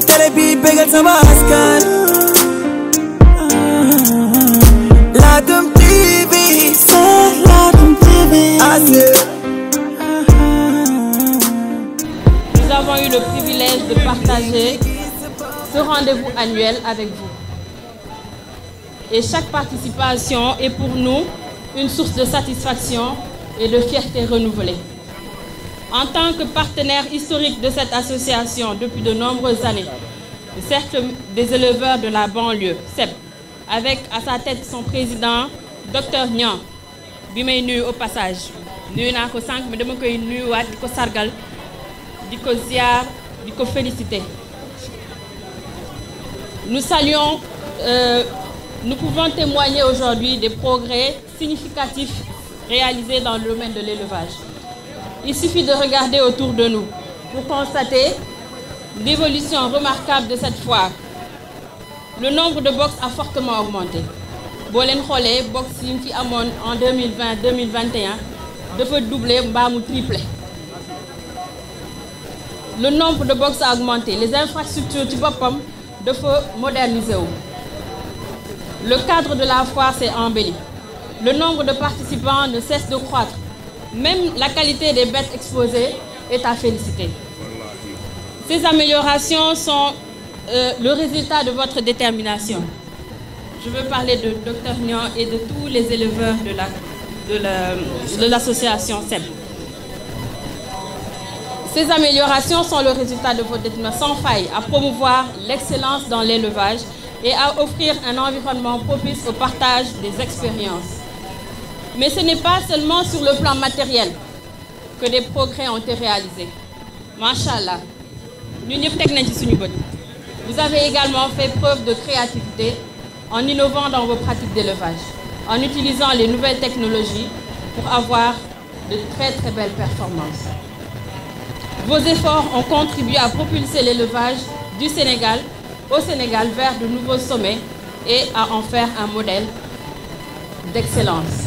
ci bi bégal sama askan Ladoum Nous avons eu le privilège de partager ce rendez-vous annuel avec vous et chaque participation est pour nous une source de satisfaction et de fierté renouvelée En tant que partenaire historique de cette association depuis de nombreuses années, le Cercle des éleveurs de la banlieue, CEP, avec à sa tête son président, docteur Niang, bi may nuyu au passage nuyu naa ko sànq mais dama koy nuyuwaat di ko sargal di ko ziar di ko féliciter. Nous saluons, euh, nous pouvons témoigner aujourd'hui des progrès significatifs réalisés dans le domaine de l'élevage. Il suffit de regarder autour de nous pour constater l'évolution remarquable de cette foire. Le nombre de box a fortement augmenté. boo leen xoolee box yi mu fi amoon en 2020 2021 dafa doublé mbaa mu triplé le nombre de box a augmenté les infrastructures ci boppam dafa modernisé wu le cadre de la foire s'est embelli le nombre de participants ne cesse de croître Même la qualité des bêtes exposées est à féliciter. Ces améliorations sont euh, le résultat de votre détermination. Je veux parler de Dr Nian et de tous les éleveurs de l'association la, de la, de SEB. Ces améliorations sont le résultat de votre détermination sans faille à promouvoir l'excellence dans l'élevage et à offrir un environnement propice au partage des expériences. Mais ce n'est pas seulement sur le plan matériel que des progrès ont été réalisés. Machallah, vous avez également fait preuve de créativité en innovant dans vos pratiques d'élevage, en utilisant les nouvelles technologies pour avoir de très très belles performances. Vos efforts ont contribué à propulser l'élevage du Sénégal au Sénégal vers de nouveaux sommets et à en faire un modèle d'excellence.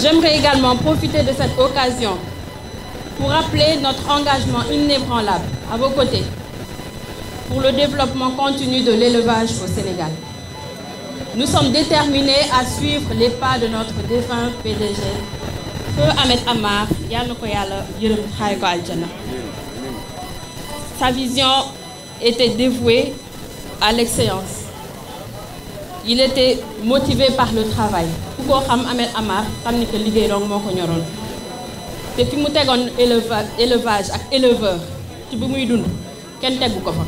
J'aimerais également profiter de cette occasion pour rappeler notre engagement inébranlable à vos côtés pour le développement continu de l'élevage au Sénégal. Nous sommes déterminés à suivre les pas de notre défunt PDG, feu Ahmed Amar, yàlla na ko yàlla yërëm xaare Sa vision était dévouée à l'excellence. il était motivé par le travail ku ko xam Ahmed Amar xam ni que liggéey dong moo ko ñoroon te fi mu tegoon éleva élevage ak éleveur ci bi muy dund kenn tegu ko fa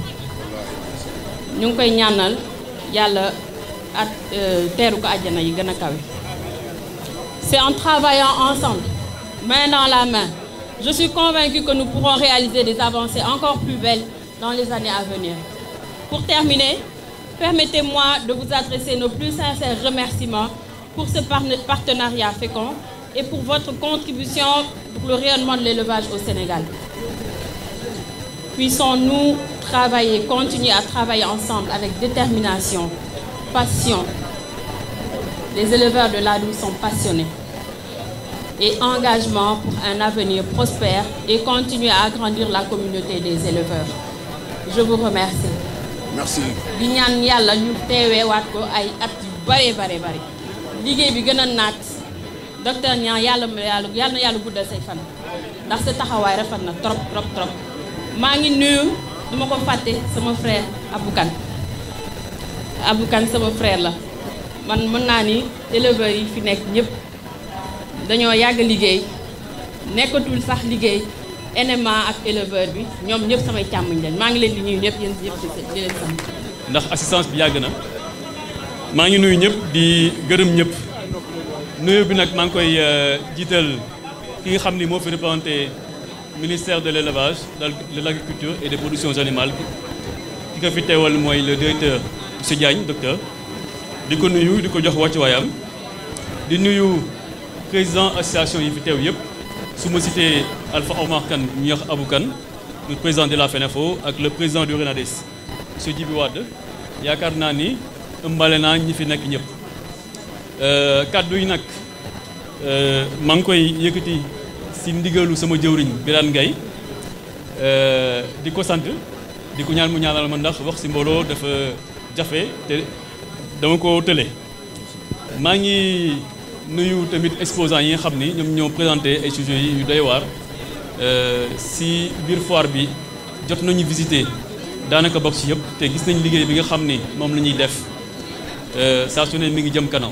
ñu ngi koy ñaanal yàlla ak euh, teeru ko àjjana yi gën a kawe c'est en travaillant ensemble main dans la main je suis convaincue que nous pourrons réaliser des avancées encore plus belles dans les années à venir pour terminer Permettez-moi de vous adresser nos plus sincères remerciements pour ce partenariat fécond et pour votre contribution pour le rayonnement de l'élevage au Sénégal. Puissons-nous travailler, continuer à travailler ensemble avec détermination, passion. Les éleveurs de l'ADU sont passionnés et engagement pour un avenir prospère et continuer à agrandir la communauté des éleveurs. Je vous remercie. merci di ñaan yàlla ñu teeweewaat ko ay at yu bare bare bare liggéey bi gën a naat docteur Niang yàlla na yàlla yàlla na yàlla guddal say fan ndax sa taxawaay rafet na trop trop trop maa ngi nuyu du ma ko fàtte sama frère Abou Kane sama frère la man mën naa ni éleveurs yi fi nekk ñëpp dañoo yàgg liggéey nekkatul sax liggéey NMA ak éleveur bi ñoom ñëpp samay càmmiñ lañ maa ngi leen di nuyu ñëpp yéen ñëpp di leen sant. ndax assistance bi yàgg na maa ngi nuyu ñëpp di gërëm ñëpp nuyu bi nag maa ngi koy euh, jiital ki nga xam ni moo fi représenté ministère de l' élevage de l' et des productions animales ki ko fi teewal mooy le directeur si Diagne docteur di ko nuyu di ko jox wàccuwaayam di nuyu président association yi fi teew yëpp. su ma cité Alpha Omar Kane ñu wax Abou Kane le président de la FENAFO ak le président du RENADES monsieur Djibi Wade yaakaar naa ni ëmbale naa ñi fi nekk ñëpp euh, kàddu yi nag euh, maa ngi koy yëkkati si ndigalu sama jëwriñ Birane Ngaye euh, di ko sant di ko ñaan mu ñaanal ma ndax wax si mbooloo dafa jafe te dama ko tële maa ngi nuyu tamit exposants yi nga xam ni ñoom ñoo présenté ay sujets yu doy waar euh, si biir foire bi jot nañu visiter daanaka box yëpp te gis nañ liggéey bi nga xam ni moom la ñuy def euh, saa su ne mi ngi jëm kanam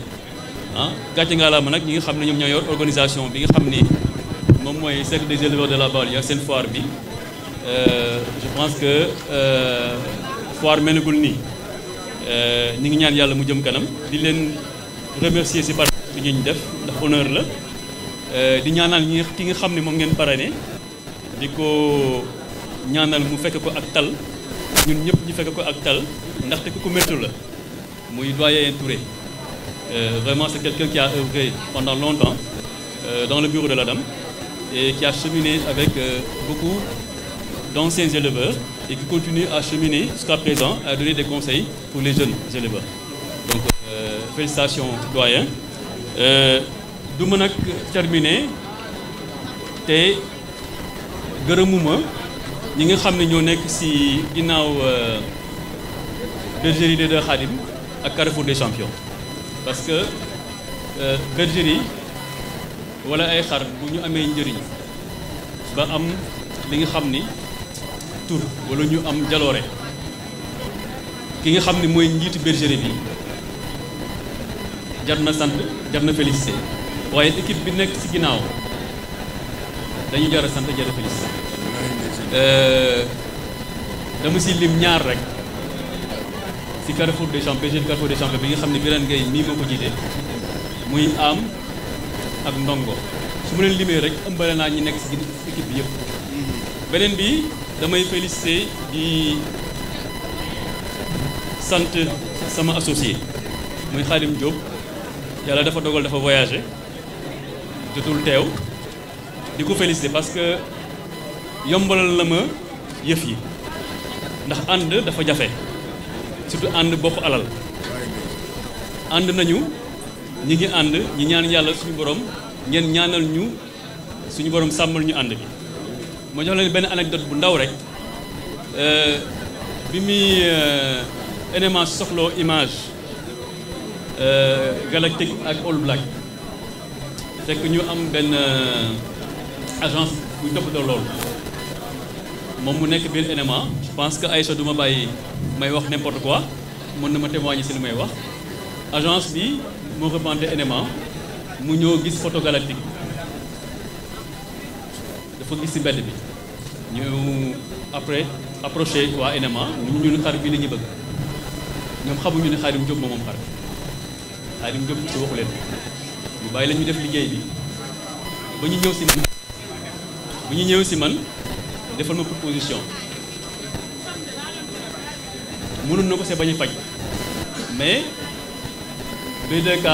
ah gàcce nga laa ma nag ñi ngi xam ne ñoom ñoo yor organisation bi nga xam ni moom mooy cercle des éleveurs de la banlieue ak seen foire bi euh, je pense que foire melagul nii ñi ngi ñaan yàlla mu jëm kanam di leen remercier si par bi ñu def ndax honneur la euh, di ñaanal ñi ki nga xam ne moom ngeen parrainé di ko ñaanal mu fekk ko ak tal ñun ñëpp ñu fekk ko ak tal ndaxte ku ko méttu la muy doyen Touré euh, vraiment c'est quelqu'un qui a œuvré pendant longtemps euh, dans le bureau de l'ADAM et qui a cheminé avec beaucoup d'anciens éleveurs et qui continue à cheminer jusqu'à présent à donner des conseils pour les jeunes éleveurs donc euh, doyen Euh, du ma nag terminer te gërëmuma ñi nga xam ne ñoo nekk si ginnaaw euh, bergerie de Khadim ak Carrefour des Champions parce que euh, bergerie wala ay xar bu ñu amee njëriñ ba am li nga xam ni tur wala ñu am jaloore ki nga xam ni mooy njiitu bergerie bi jar na sant jar na félicité waaye équipe bi nekk ci ginnaaw dañu jar sant jar a félicité euh, dama ci lim ñaar rek ci Carrefour des Champs PGE Carrefour des Champs bi nga xam ne Birane Gueye mii moo ko jiite muy am ak ndongo su ma leen limee rek ëmbale naa ñi nekk ci équipe bi yëpp beneen bi damay félicité di sant sama associé muy Khadim Diop yàlla dafa dogal dafa voyagé jotul teew di ko félicité parce que yombalal na ma yëf yi ndax ànd dafa jafe surtout ànd bopp alal ànd nañu ñi ngi ànd ñi ñaan yàlla suñu borom ngeen ñaanal ñu suñu borom sàmmal ñu ànd bi ma jox leen benn anecdote bu ndaw rek euh, bi muy euh, NMA soxloo image Euh, Galactic ak All Black fekk ñu am benn euh, agence bu toppatoo loolu moom mu nekk biir NMA je pense que Aïcha du ma bàyyi may wax n'importe quoi mën na ma témoigner si li may wax agence bi moo représenté NMA mu ñëw gis photo Galactique dafa gis si mbedd bi ñu après approché waa NMA ñu ñun xar bi la ñu bëgg ñoom xamuñu ne xaarim Jóob moom moom xar Xaadim Jóob si waxu leen ñu bàyyi la def liggéey bi ba ñu ñëw si man ba ñu ñëw si man defal ma proposition mënoon na ko see bañ a faj mais B2K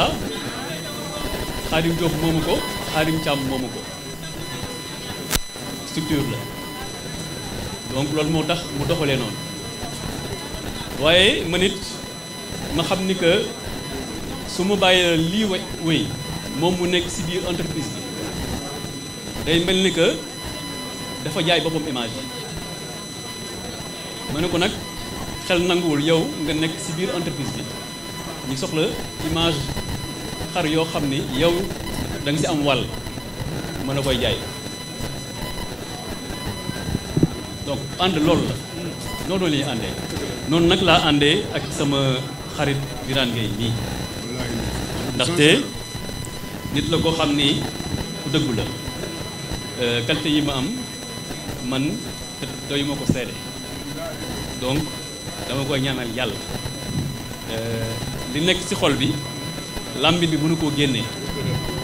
moomu ko Xaadim Caam moomu ko structure la donc loolu moo tax mu doxalee noonu waaye man ma xam ni que su mu bàyyee lii way wéy moom mu nekk si biir entreprise bi day mel ni que dafa jaay boppam image ma ne ko nag xel nanguwul yow nga nekk si biir entreprise bi ñu soxla image xar yoo xam ni yow danga si am wàll mën a koy jaay donc ànd loolu la noonu la àndee noonu nag laa àndee ak sama xarit Birane Gueye nii ndaxte nit la koo xam ni ku dëggu la euh, qualité yi ma am man doy ma ko seede donc dama koy ñaanal yàlla euh, li nekk ci xol bi làmbi bi mënu koo génnee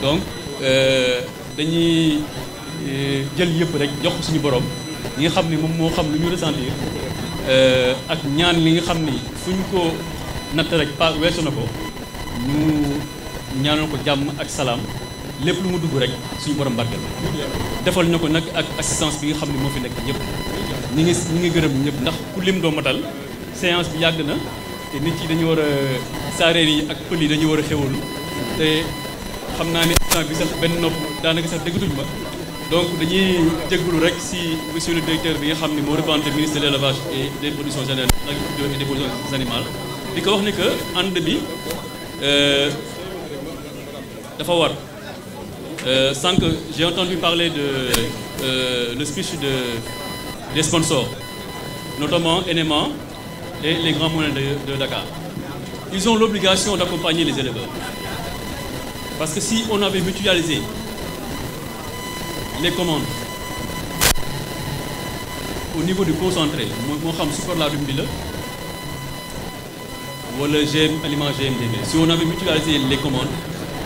donc euh, dañuy jël yëpp rek jox suñu borom ñi nga xam ni moom moo xam lu ñu ressentir ak ñaan li nga xam ni fu ñu ko natt rek pas weesu na ko ñu ñaanal ko jàmm ak salaam lépp lu mu dugg rek suñu borom barkeel defal na ko nag ak assistance bi nga xam ne moo fi nekk ñëpp ñi ngi ñi ngi gërëm ñëpp ndax ku lim doo matal séance bi yàgg na te nit yi dañu war a saareer yi ak pël yi dañu war a xewalu te xam naa ne temps bi sa benn nopp daanaka sax déggatuñ ma donc dañuy jégalu rek si monsieur le directeur bi nga xam ne moo représenté ministre de l' élevage et des productions générales ak des productions di ko wax ni que ànd bi euh, dafa war euh, sànq j'ai entendu parler de euh, des sponsors notamment NMA et les grands moyens de, Dakar ils ont l'obligation d'accompagner les éleveurs parce que si on avait mutualisé les commandes au niveau du concentré moo xam Superladoum bi la wala GM GMDB si on avait mutualisé les commandes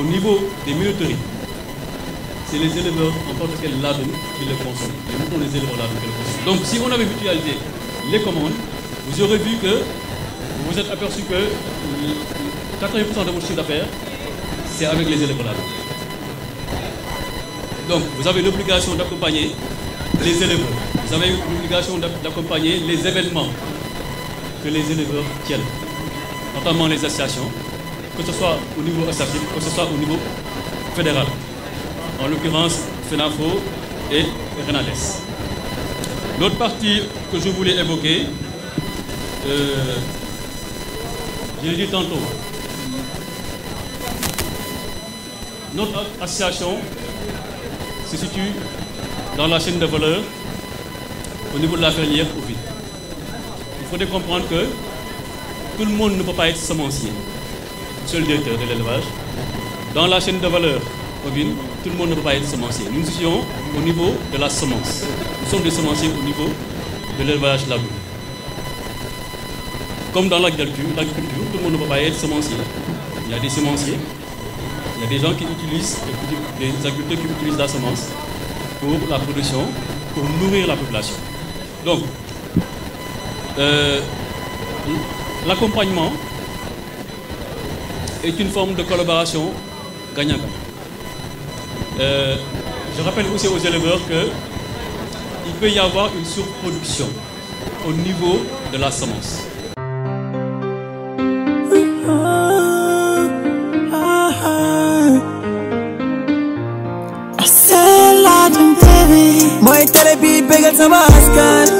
au niveau des minoteries, c'est les éleveurs en tant que ladoum qui le qui le consomment. si on avait mutualisé les commandes, vous aurez vu que vous êtes aperçu que de votre d'affaires, c'est avec les éleveurs ladoum. Donc vous avez l'obligation d'accompagner les éleveurs. Vous avez l'obligation d'accompagner les événements que les éleveurs tiennent, notamment les associations, que ce soit au niveau estatique, que ce soit au niveau fédéral. En l'occurrence, FENAFO et Renades. L'autre partie que je voulais évoquer, euh, je l'ai dit tantôt, notre association se situe dans la chaîne de valeur au niveau de la fermière Covid. Il faudrait comprendre que tout le monde ne peut pas être semencier. seul directeur de l'élevage. Dans la chaîne de valeur bovine, tout le monde ne peut pas semencier. Nous étions au niveau de la semence. Nous sommes des semenciers au niveau de l'élevage labour. Comme dans la l'agriculture, tout le monde ne peut pas semencier. Il y a des semenciers, il y a des gens qui utilisent, des agriculteurs qui utilisent la semence pour la production, pour nourrir la population. Donc, euh, l'accompagnement est une forme de collaboration gagnant-gagnant. Euh, je rappelle aussi aux éleveurs qu'il peut y avoir une surproduction au niveau de la semence. Boy, télé bi bégal sama askan